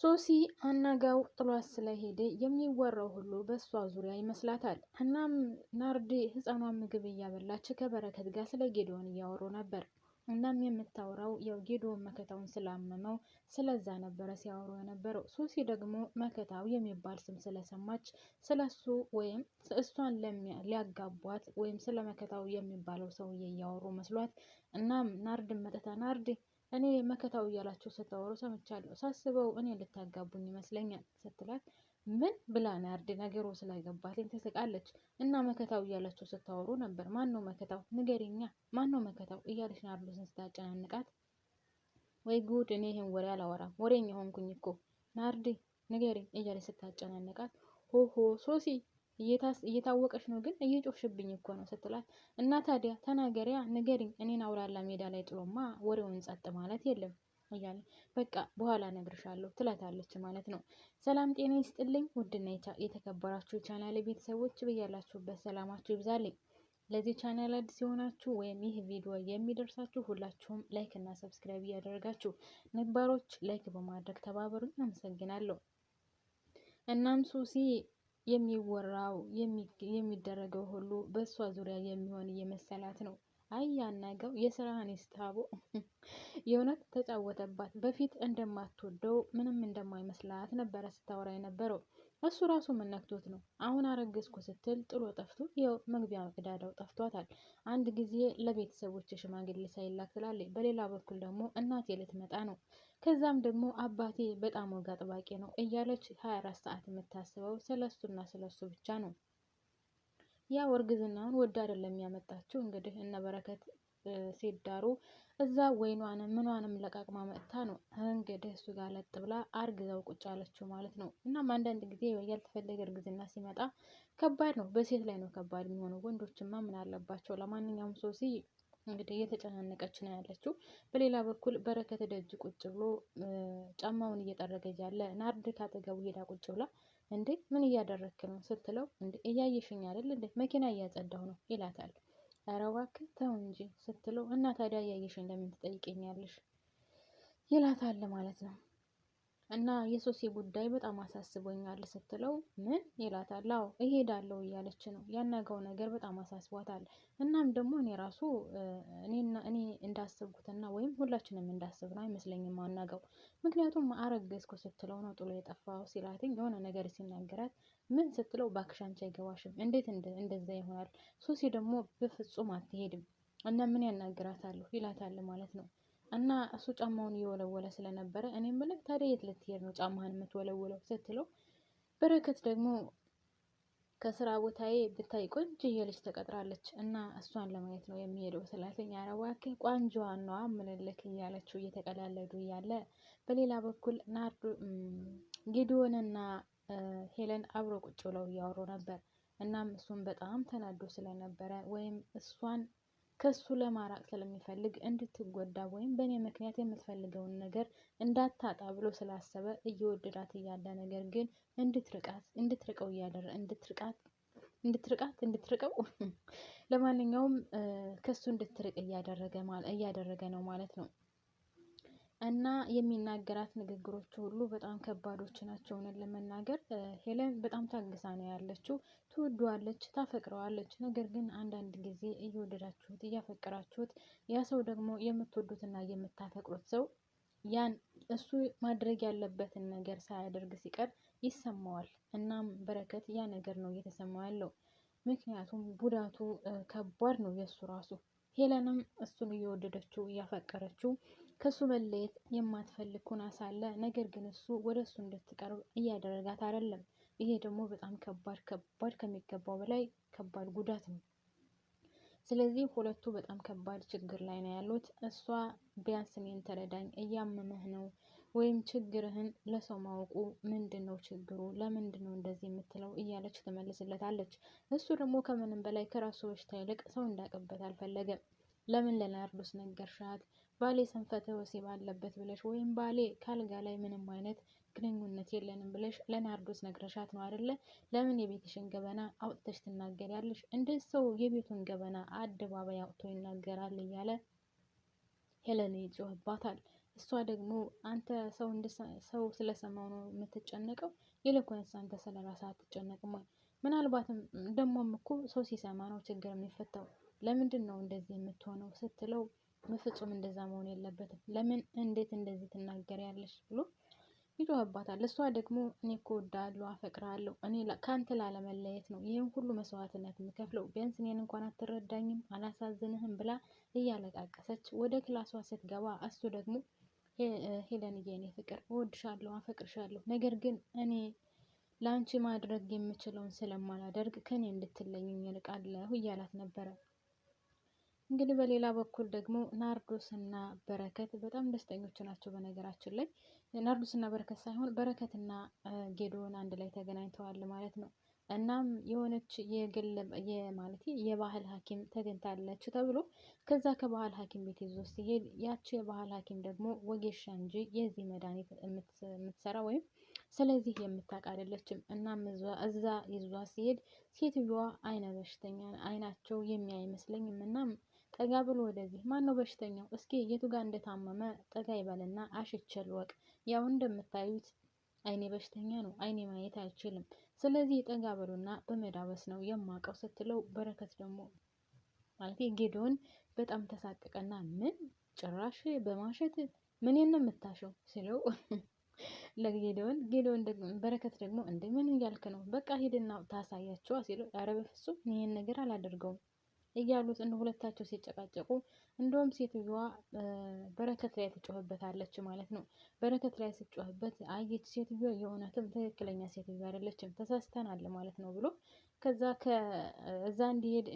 ሶሲ አናጋው ጥሏት ስለሄደ የሚወራው ሁሉ በእሷ ዙሪያ ይመስላታል። እናም ናርዲ ህፃኗን ምግብ እያበላች ከበረከት ጋር ስለ ጌዶን እያወሩ ነበር። እናም የምታወራው ያው ጌዶን መከታውን ስላመመው ስለዛ ነበረ ሲያወሩ የነበረው። ሶሲ ደግሞ መከታው የሚባል ስም ስለሰማች ስለሱ ወይም እሷን ሊያጋቧት ወይም ስለ መከታው የሚባለው ሰውዬ እያወሩ መስሏት እናም ናርድን መጥታ ናርዴ እኔ መከታው እያላቸው ስታወሩ ሰምቻለሁ። ሳስበው እኔ ልታጋቡኝ ይመስለኛል ስትላት ምን ብላ ናርድ ነገሩ ስላገባትኝ ትስቃለች። እና መከታው እያላቸው ስታወሩ ነበር። ማነው መከታው ንገሪኛ፣ ማነው መከታው እያለች ናርዶስን ስታጨናንቃት፣ ወይ ጉድ! እኔ ይህን ወሬ አላወራም፣ ወሬኛ ሆንኩኝ እኮ ናርድ፣ ንገሪ እያለች ስታጨናንቃት፣ ሆሆ ሶሲ እየታወቀሽ ነው ግን እየጮሽብኝ እኮ ነው ስትላት፣ እና ታዲያ ተናገሪያ ንገሪኝ፣ እኔን አውላላ ሜዳ ላይ ጥሎማ ወሬውን ጸጥ ማለት የለም እያለ በቃ በኋላ ነግርሻለሁ ትላታለች ማለት ነው። ሰላም ጤና ይስጥልኝ ውድና የተከበራችሁ ቻናል ቤተሰቦች ብያላችሁበት ሰላማችሁ ይብዛልኝ። ለዚህ ቻናል አዲስ የሆናችሁ ወይም ይህ ቪዲዮ የሚደርሳችሁ ሁላችሁም ላይክ እና ሰብስክራይብ እያደረጋችሁ ነባሮች ላይክ በማድረግ ተባበሩኝ። አመሰግናለሁ። እናም ሱሲ የሚወራው የሚደረገው ሁሉ በእሷ ዙሪያ የሚሆን እየመሰላት ነው። አይ ያናገው የስራህን ይስታቦ የእውነት ተጫወተባት። በፊት እንደማትወደው ምንም እንደማይመስላት ነበረ ስታወራ የነበረው። እሱ ራሱ ምን ነክቶት ነው? አሁን አረገዝኩ ስትል ጥሎ ጠፍቶ ይኸው መግቢያ ቅዳዳው ጠፍቷታል። አንድ ጊዜ ለቤተሰቦች ሽማግሌ ሳይላክ ትላለች፣ በሌላ በኩል ደግሞ እናቴ ልትመጣ ነው፣ ከዛም ደግሞ አባቴ በጣም ወግ አጥባቂ ነው እያለች 24 ሰዓት የምታስበው ስለሱና ስለሱ ብቻ ነው። ያ እርግዝናውን ወድ አይደለም ያመጣችው። እንግዲህ እነ በረከት ሲዳሩ እዛ ወይኗንም ምኗንም ለቃቅማ መጥታ ነው እንግዲህ እሱ ጋር ለጥ ብላ አርግዛው ቁጭ አለችው ማለት ነው። እናም አንዳንድ ጊዜ ያልተፈለገ እርግዝና ሲመጣ ከባድ ነው፣ በሴት ላይ ነው ከባድ የሚሆነው። ወንዶችማ ምን አለባቸው? ለማንኛውም ሶሲ እንግዲህ እየተጨናነቀች ነው ያለችው። በሌላ በኩል በረከት ደጅ ቁጭ ብሎ ጫማውን እየጠረገ እያለ ናርድ ካጠገቡ ሄዳ ቁጭ ብላ እንዴ ምን እያደረክ ነው ስትለው፣ እንዴ እያየሽኝ አይደል እንዴ መኪና እያጸዳሁ ነው ይላታል። ኧረ እባክህ ተው እንጂ ስትለው እና ታዲያ እያየሽኝ ለምን ትጠይቀኛለሽ? ይላታል ማለት ነው። እና የሶሴ ጉዳይ በጣም አሳስቦኛል ስትለው ምን ይላታል። አዎ እሄዳለሁ እያለች ነው ያናገው ነገር በጣም አሳስቧታል። እናም ደግሞ እኔ ራሱ እኔና እኔ እንዳሰብኩትና ወይም ሁላችንም እንዳስብ አይመስለኝም አናገው ምክንያቱም አረገዝኩ ስትለው ነው ጥሎ የጠፋው ሲላትኝ የሆነ ነገር ሲናገራት ምን ስትለው እባክሽ አንቺ አይገባሽም፣ እንዴት እንደዛ ይሆናል? ሱሲ ደግሞ በፍጹም አትሄድም እና ምን ያናግራታለሁ ይላታል ማለት ነው። እና እሱ ጫማውን እየወለወለ ስለነበረ እኔም ብለህ ታዲያ የት ልትሄድ ነው ጫማህን የምትወለውለው ስትለው በረከት ደግሞ ከስራ ቦታዬ ብታይ ቆንጅዬ ልጅ ተቀጥራለች እና እሷን ለማየት ነው የሚሄደው ስላትኝ ኧረ እባክህ ቋንጆዋን ነዋ ምንልክ እያለችው እየተቀላለዱ እያለ በሌላ በኩል ናርዶ ጌዲዮንና ሄለን አብሮ ቁጭ ብለው እያወሩ ነበር። እናም እሱን በጣም ተናዶ ስለነበረ ወይም እሷን ከሱ ለማራቅ ስለሚፈልግ እንድትጎዳ ወይም በእኔ ምክንያት የምትፈልገውን ነገር እንዳታጣ ብሎ ስላሰበ እየወደዳት እያለ ነገር ግን እንድትርቃት እንድትርቀው እያደረ እንድትርቃት እንድትርቃት እንድትርቀው ለማንኛውም ከሱ እንድትርቅ እያደረገ ነው ማለት ነው። እና የሚናገራት ንግግሮች ሁሉ በጣም ከባዶች ናቸው። እውነት ለመናገር ሄለን በጣም ታግሳ ነው ያለችው። ትወደዋለች፣ ታፈቅረዋለች። ነገር ግን አንዳንድ ጊዜ እየወደዳችሁት እያፈቀራችሁት ያ ሰው ደግሞ የምትወዱትና የምታፈቅሩት ሰው ያን እሱ ማድረግ ያለበትን ነገር ሳያደርግ ሲቀር ይሰማዋል። እናም በረከት ያ ነገር ነው እየተሰማ ያለው። ምክንያቱም ጉዳቱ ከባድ ነው የእሱ ራሱ። ሄለንም እሱን እየወደደችው እያፈቀረችው ከሱ መለየት የማትፈልግ ሆና ሳለ ነገር ግን እሱ ወደ እሱ እንድትቀርብ እያደረጋት አይደለም። ይሄ ደግሞ በጣም ከባድ ከባድ ከሚገባው በላይ ከባድ ጉዳት ነው። ስለዚህ ሁለቱ በጣም ከባድ ችግር ላይ ነው ያሉት። እሷ ቢያንስ እኔን ተረዳኝ፣ እያመመህ ነው ወይም ችግርህን ለሰው ማወቁ ምንድን ነው ችግሩ? ለምንድን ነው እንደዚህ የምትለው? እያለች ትመልስለታለች። እሱ ደግሞ ከምንም በላይ ከራሱ በሽታ ይልቅ ሰው እንዳቀበት አልፈለገም። ለምን ለናርዶስ ነገርሻት? ባሌ ስንፈተ ወሲብ አለበት ብለሽ ወይም ባሌ ካልጋ ላይ ምንም አይነት ግንኙነት የለንም ብለሽ ለናርዶስ ነግረሻት ነው አደለ? ለምን የቤትሽን ገበና አውጥተሽ ትናገሪያለሽ? እንዴት ሰው የቤቱን ገበና አደባባይ አውጥቶ ይናገራል? እያለ ሄለን ይጮህባታል። እሷ ደግሞ አንተ ሰው ሰው ስለሰማው ነው የምትጨነቀው፣ ይልቁንስ አንተ ስለ ራስህ አትጨነቅም ምናልባትም ደግሞም እኮ ሰው ሲሰማ ነው ችግር የሚፈታው። ለምንድን ነው እንደዚህ የምትሆነው ስትለው በፍጹም እንደዛ መሆን የለበትም። ለምን እንዴት እንደዚህ ትናገሪያለሽ ብሎ ይጮህባታል። እሷ ደግሞ እኔ እኮ ወዳለሁ፣ አፈቅራለሁ እኔ ከአንተ ላለመለየት ነው ይህን ሁሉ መስዋዕትነት የምከፍለው፣ ቢያንስ እኔን እንኳን አትረዳኝም፣ አላሳዝንህም ብላ እያለቃቀሰች ወደ ክላሷ ስትገባ እሱ ደግሞ ሄለንዬ፣ እኔ ፍቅር እወድሻለሁ፣ አፈቅርሻለሁ፣ ነገር ግን እኔ ለአንቺ ማድረግ የምችለውን ስለማላደርግ ከኔ እንድትለይኝ እልቃለሁ እያላት ነበረ። እንግዲህ በሌላ በኩል ደግሞ ናርዶስ እና በረከት በጣም ደስተኞች ናቸው። በነገራችን ላይ ናርዶስ እና በረከት ሳይሆን በረከትና ጌዶን አንድ ላይ ተገናኝተዋል ማለት ነው። እናም የሆነች የግል ማለት የባህል ሐኪም ተገኝታለች ተብሎ ከዛ ከባህል ሐኪም ቤት ይዞ ሲሄድ ያቺ የባህል ሐኪም ደግሞ ወጌሻ እንጂ የዚህ መድኃኒት የምትሰራ ወይም ስለዚህ የምታውቅ አይደለችም። እናም እዛ ይዟ ሲሄድ ሴትዮዋ አይነ በሽተኛ አይናቸው የሚያይመስለኝም እናም ጠጋ ብሎ ወደዚህ ማን ነው በሽተኛው? እስኪ የቱ ጋር እንደታመመ ጠጋ ይበልና አሽቸል ወቅ። ያው እንደምታዩት አይኔ በሽተኛ ነው፣ አይኔ ማየት አይችልም። ስለዚህ ጠጋ በሉና በመዳበስ ነው የማውቀው ስትለው፣ በረከት ደግሞ ማለት ጌዶን በጣም ተሳቀቀና ምን ጭራሽ በማሸት ምን ነው የምታሸው ሲለው ለጌዶን ጌዶን በረከት ደግሞ እንደ ምን እያልክ ነው? በቃ ሂድና ታሳያቸዋ ሲለው፣ ኧረ በፍጹም ይህን ነገር አላደርገውም እያሉት እንደ ሁለታቸው ሲጨቃጨቁ እንደውም ሴትዮዋ በረከት ላይ ትጮህበታለች ማለት ነው። በረከት ላይ ስትጮህበት አየች ሴትዮ የእውነትም ትክክለኛ ሴትዮ አይደለችም ተሳስተናል ማለት ነው ብሎ ከዛ ከዛ እንዲሄድ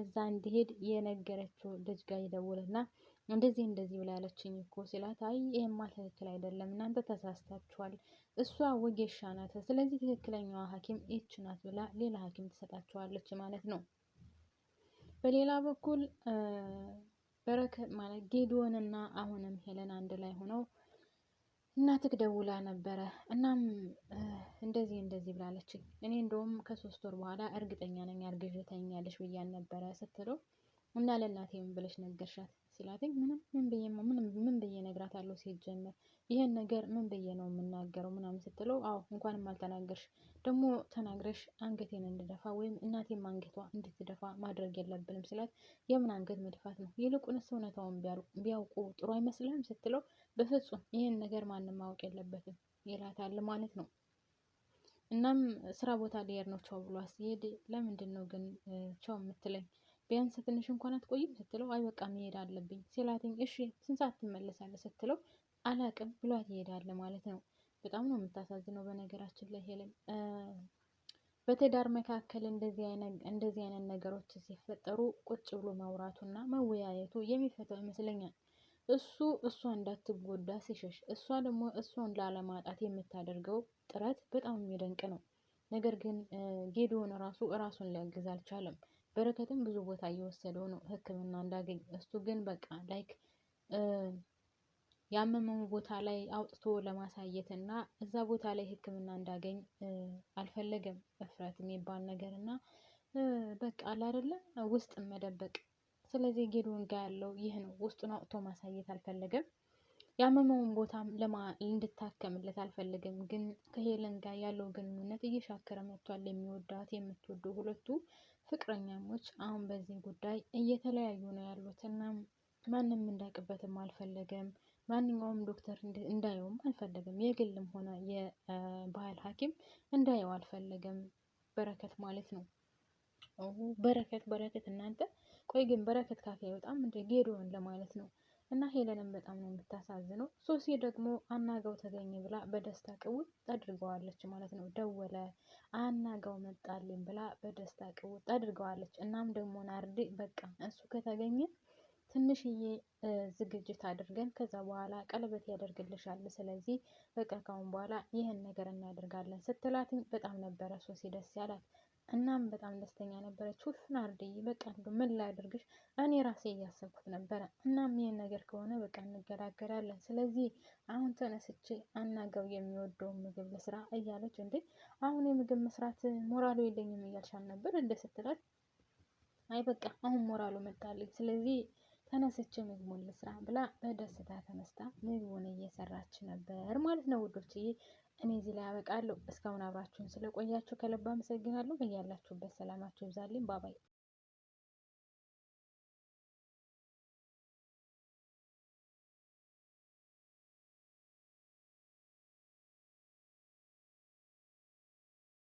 እዛ እንዲሄድ የነገረችው ልጅ ጋር ይደውልና እንደዚህ እንደዚህ ብላ ያለችኝ እኮ ሲላት፣ አይ ይህማ ትክክል አይደለም እናንተ ተሳስታችኋል፣ እሷ ወጌሻ ናት፣ ስለዚህ ትክክለኛዋ ሐኪም ይች ናት ብላ ሌላ ሐኪም ትሰጣችኋለች ማለት ነው። በሌላ በኩል በረከት ማለት ጌድዎን እና አሁንም ሄለን አንድ ላይ ሆነው እናትህ ደውላ ነበረ፣ እናም እንደዚህ እንደዚህ ብላለች። እኔ እንደውም ከሶስት ወር በኋላ እርግጠኛ ነኝ አርግዤ ብያን ነበረ ስትለው እና ለእናቴ ምን ብለሽ ነገርሻት ሲላትኝ ምንም ምን ብዬ ምን ብዬ ነግራታለሁ ሲጀመር ይህን ነገር ምን ብዬ ነው የምናገረው ምናምን ስትለው አዎ እንኳንም አልተናገርሽ ደግሞ ተናግረሽ አንገቴን እንድደፋ ወይም እናቴም አንገቷ እንድትደፋ ማድረግ የለብንም ሲላት የምን አንገት መድፋት ነው ይልቁንስ እውነታውን ቢያውቁ ጥሩ አይመስልም ስትለው በፍጹም ይህን ነገር ማንም ማወቅ የለበትም ይላታል ማለት ነው እናም ስራ ቦታ ሊሄድ ነው ቻው ብሏት ሲሄድ ለምንድን ነው ግን ቻው የምትለኝ ቢያንስ ትንሽ እንኳን አትቆይም ስትለው አይ በቃ መሄድ አለብኝ ሲላትኝ እሺ ስንት ሰዓት ትመለሳለህ ስትለው አላቅም ብሏት ይሄዳል ማለት ነው። በጣም ነው የምታሳዝነው በነገራችን ላይ ሄለን። በትዳር መካከል እንደዚህ አይነት ነገሮች ሲፈጠሩ ቁጭ ብሎ ማውራቱና መወያየቱ የሚፈታው ይመስለኛል። እሱ እሷ እንዳትጎዳ ሲሸሽ፣ እሷ ደግሞ እሷን ላለማጣት የምታደርገው ጥረት በጣም የሚደንቅ ነው። ነገር ግን ጌዲዮን ራሱ እራሱን ሊያግዝ አልቻለም። በረከትም ብዙ ቦታ እየወሰደው ነው ህክምና እንዳገኝ። እሱ ግን በቃ ላይክ ያመመሙ ቦታ ላይ አውጥቶ ለማሳየት እና እዛ ቦታ ላይ ህክምና እንዳገኝ አልፈለገም። እፍረት የሚባል ነገር እና በቃ አላደለ ውስጥ መደበቅ። ስለዚህ ጌዶን ጋር ያለው ይህ ነው። ውስጡን አውጥቶ ማሳየት አልፈለገም። ያመመውን ቦታ እንድታከምለት አልፈለገም። ግን ከሄለን ጋር ያለው ግንኙነት እየሻከረ መጥቷል። የሚወዳት የምትወደው ሁለቱ ፍቅረኛሞች አሁን በዚህ ጉዳይ እየተለያዩ ነው ያሉት። እናም ማንም እንዳይቅበትም አልፈለገም። ማንኛውም ዶክተር እንዳየውም አልፈለገም። የግልም ሆነ የባህል ሐኪም እንዳየው አልፈለገም በረከት ማለት ነው። በረከት በረከት እናንተ ቆይ ግን በረከት ካፌ አይወጣም እንደ ጌዶን ለማለት ነው። እና ሄለንም በጣም ነው የምታሳዝነው። ሶሲ ደግሞ አናጋው ተገኘ ብላ በደስታ ቅውጥ አድርገዋለች ማለት ነው። ደወለ አናጋው መጣልኝ ብላ በደስታ ቅውጥ አድርገዋለች። እናም ደግሞ ናርዴ በቃ እሱ ከተገኘ ትንሽዬ ዝግጅት አድርገን ከዛ በኋላ ቀለበት ያደርግልሻል፣ ስለዚህ በቃ ካሁን በኋላ ይህን ነገር እናደርጋለን ስትላትኝ በጣም ነበረ ሶሲ ደስ ያላት። እናም በጣም ደስተኛ ነበረች። ሁሉን አርድዬ በቃ እንደው ምን ላድርግሽ እኔ ራሴ እያሰብኩት ነበረ። እናም ይህን ነገር ከሆነ በቃ እንገላገላለን። ስለዚህ አሁን ተነስቼ አናገው የሚወደውን ምግብ ልስራ እያለች እንዴ አሁን የምግብ መስራት ሞራሉ የለኝም እያልሻል ነበር እንደ ስትላት፣ አይ በቃ አሁን ሞራሉ መጣልኝ። ስለዚህ ተነስቼ ምግቡን ልስራ ብላ በደስታ ተነስታ ምግቡን እየሰራች ነበር ማለት ነው ውዶችዬ። እኔ እዚህ ላይ አበቃለሁ። እስካሁን አብራችሁን ስለቆያችሁ ከልብ አመሰግናለሁ። በያላችሁበት ሰላማችሁ ይብዛልኝ። ባባይ